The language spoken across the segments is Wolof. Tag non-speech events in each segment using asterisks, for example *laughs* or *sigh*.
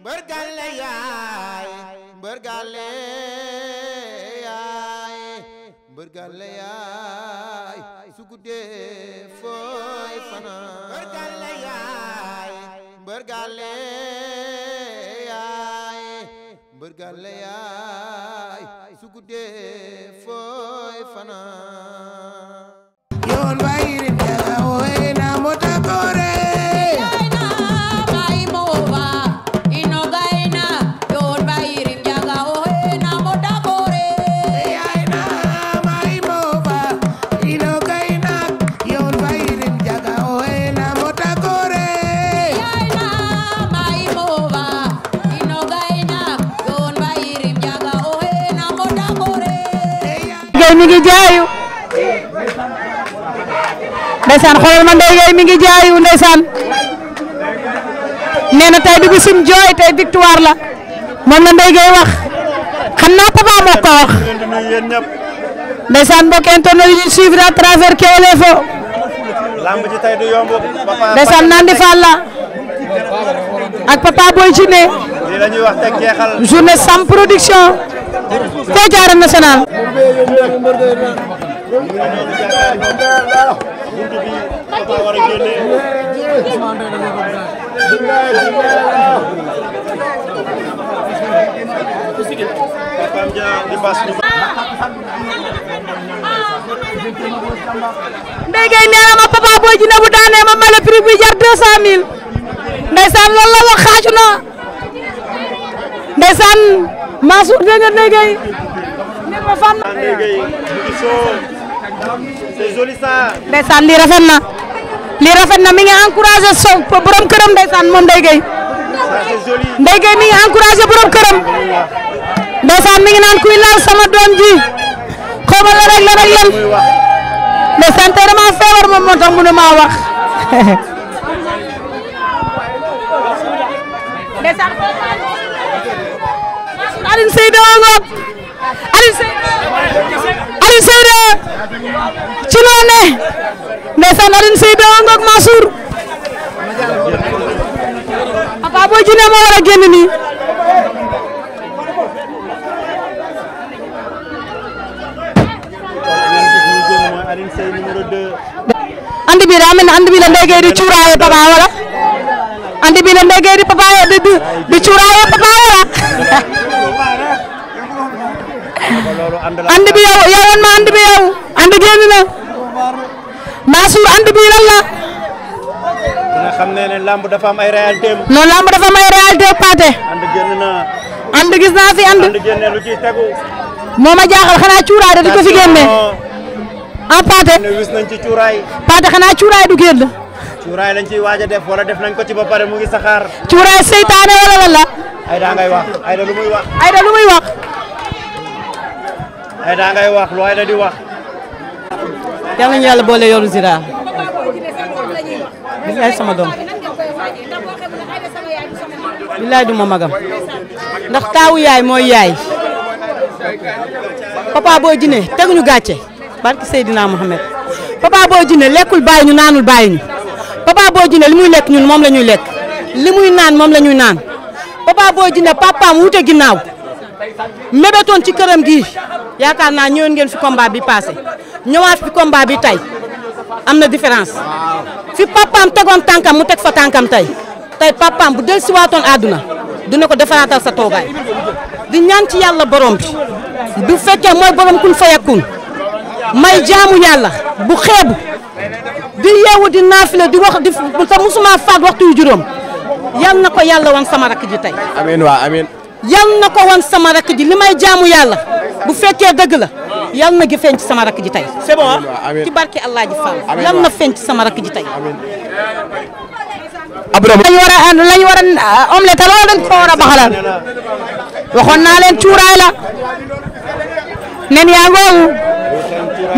mbër gàlle yaay mbër gàlle fanaan mbër gàlle yaay mbër ndeysaan xoolal ma Ndeye Gueye mi ngi jaayu ndeysaan nee na tey du bisum jooy tey victoire la moom la Ndeye Gueye wax xam naa Papa moo ko wax ndeysaan mbokk internet suivre à travers Kewel Info ndeysaan Nandi Fall la ak Papa Boy Djiné journée Sam Production foo ci Arène ko war a Papa Boy Djiné bu daanee ma mala prix bi jar deux cent mille. Ndeysaan loolu la wax xaaju na. Ndeysaan Mansour dégg nga Ndeye Gueye. ne ko fan. Ndeye Gueye. Ndeysaan lii rafet na. li rafet na mi ngi encouragé son borom këram ndeysaan moom Ndeye Gueye Ndeye Gueye mi ngi encouragé borom këram ndeysaan mi ngi naan kuy laal sama doom ji xaw la rek la rek lan ndeysaan tey feebar moom moo tax mënu maa wax Alioune Seye de ci loo ne ndeysaan Alioune Seye de ngoog Mansour Papa Boy Djiné moo war a génn nii andi bi daa mel ne andi bi la ndegee di cuuraaye papa wala andi bi la ndegee di papa di di cuuraaye papa wala *laughs* ànd bi yow yow wan ma ànd bi yow ànd génn na Mansour ànd bi lan la. dina ne ne dafa am ay réalité am. non lamb dafa am ay réalité am Pathé. na. gis naa fi ànd. ànd génne lu ciy tegu. moo ma jaaxal xanaa cuuraay da di ko fi génne. ah Pathé. wis nañ ci cuuraay. Pathé xanaa cuuraay du génn. cuuraay lañ ciy waaj a def def nañ ko ci ba mu ngi saxaar. cuuraay seytaane wala lan la. Aïda lu muy wax. ay daa ngay wax di wax. yal nañu yàlla boole yoru Zira. billaay sama doom. billaay du ma ndax taawu yaay mooy yaay. papa boo jinne teguñu gàcce. barki Seydina Mohamed. papa boo jinne lekkul bàyyi ñu naanul bàyyi ñu. papa boo jinne li muy lekk ñun moom la ñuy lekk. li muy naan moom la ñuy naan. papa boo jinne papaam wute ginnaaw. mébétoon ci këram gi yaakaar naa ñëwoon ngeen fi combat bi passé ñëwaat fi combat bi tey am na différence fi papaam tegoon tànkam mu teg fa tànkam tey tey papaam bu del siwaatoon àdduna dina ko defaraatal sa toogaay di ñaan ci yàlla borom bi bu fekkee mooy borom kun fayakun may jaamu yàlla bu xeebu di yeewu di naafile di wax di te musuma faat waxtu juróom yal na ko yàlla wan sama rakk ji tey. yal na ko wan sama rakk ji li may jaamu yàlla bu fekkee dëgg la yal na gi feeñ ci sama ji tey. c'est bon ci barke allah ji Fall yal na feeñ ci sama rakk ji tey. Abdoulaye. lañ war a lañ war ah, ko war a waxoon naa leen cuuraay la nen yaa ngoogu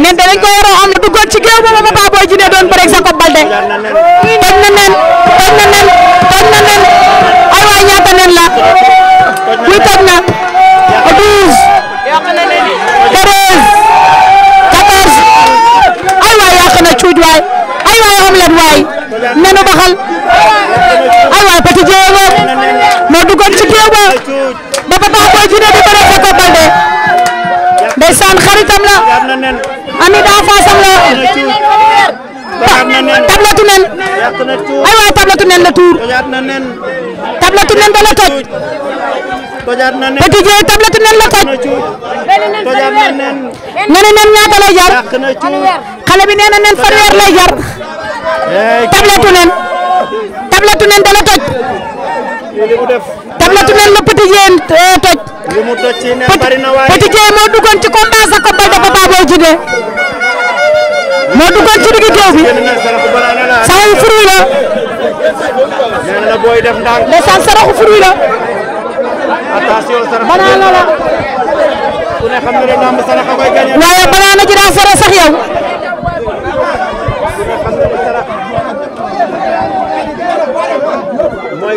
nen de dañ ko war a am na duggoon ci géew ba ba Papa Boy Djiné doon bëre ak na nen toj na nen toj na nen ay waay ñaata nen la. huit toj na douze treize quatorze ay waay yàq na cuuj waay ay waay omelette waay nenu baxal ay waay petit jéego moo ci géew ba ba papa booy di bëre fa ko balde ndeysaan xaritam la ami daa la tablatu nen ay waay tablatu nen la tuur tablatu nen ba la Petit Dieye nen la toj nee na nen ñaata lay jar xale bi nee na nen fanweer lay jar tablette nen tablette nen dala toj tablette nen la Petit eh, toj Petit moo duggoon ci combat sa ko bal da Papa Boy moo duggoon ci digg géew bi saa yu la nee na booy def la attention banaana la ku waaye banaana ji daa fara sax yow mooy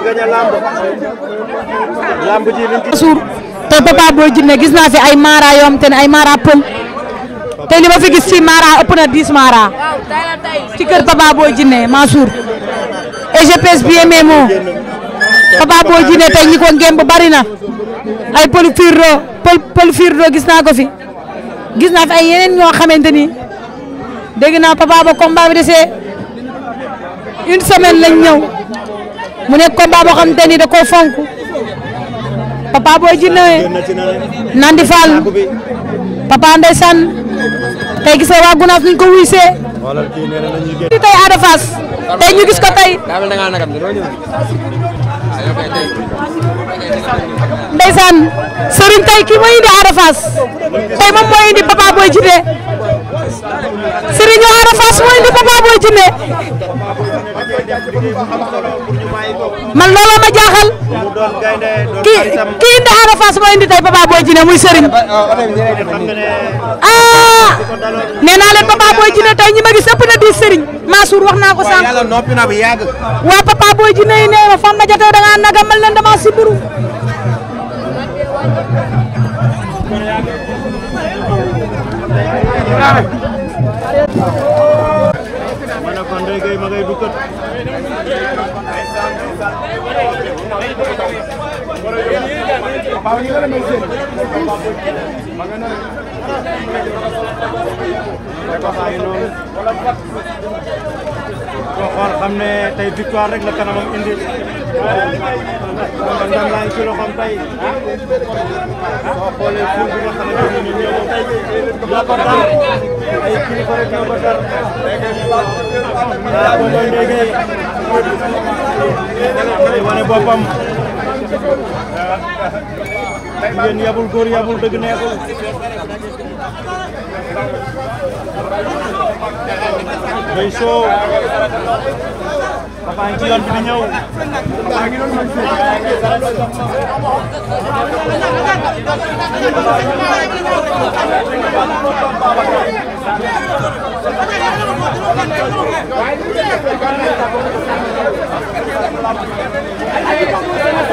te Papa Boy gis naa fi ay mara yoo xam te ne ay mara pël te li ma fi gis ci mara ëpp na 10 mara ci kër Papa Boy Djiné Mansour et je pèse Papa Boy Djiné ko ngemb bari na ay pël firdo pël pël firdo gis naa ko fi gis naa fi ay yeneen ñoo xamante ni dégg naa papa ba combat bi desee une semaine lañ ñëw mu nekk combat boo xamante ni da koo fonk Papa Boy Djiné Nandi Fall papa ndeysaan tey waa Gunaas nuñ ko wuysee tey Ada Fass gis ko tey ndeysaan Serigne tey ki mooy indi Ada Fass tey moom mooy indi Papa Boy Djiné Serigne Ada mooy indi Papa Boy Djiné looloo ma jaaxal ki ki indi Ada mooy indi tey Papa Boy muy Serigne ah nee naa leen Papa ñi ma gis ëpp na di Serigne. Mansour wax naa ko sànq. waaw yàlla noppi na bu yàgg. waaw papa booy ji nee na fam na jotee da ngaa nagamal leen dama siburu. ma Bawa ni kan mesin. Mangana. Ko xay no. Ko xool xam ne tey victoire rek la kanamam indi. Kon daan laay ci loxoom tey. Soo xoolee fi nga xam ne ni ñëw tey. Ñoo ko daan. Ay kilifa rek ñoo ko daan. Daa ko mooy ndéggee. Wane boppam. jigéen yabul góor yabul dëgg neexul day soo papa ngi ci yoon bi di ñëw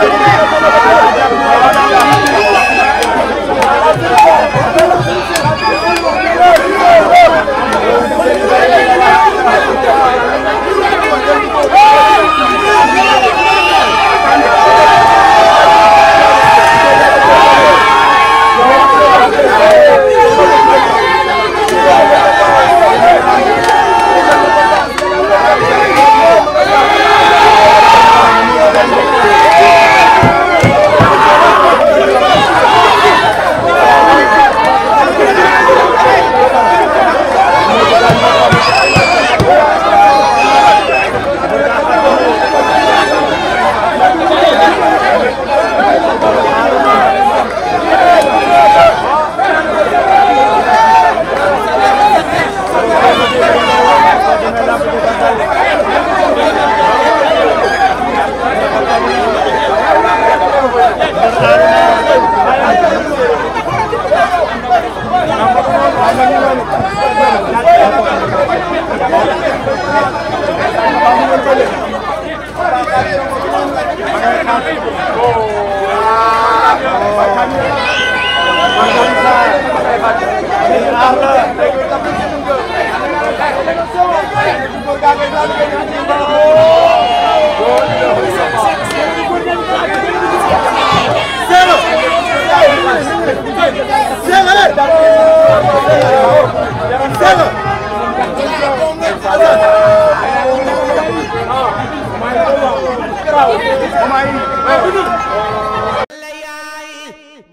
Thank *laughs* you. mbër gàlle yaay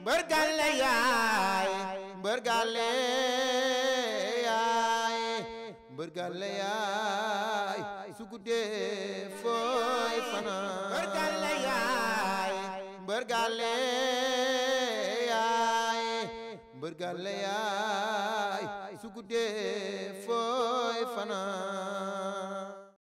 mbër gàlle yaay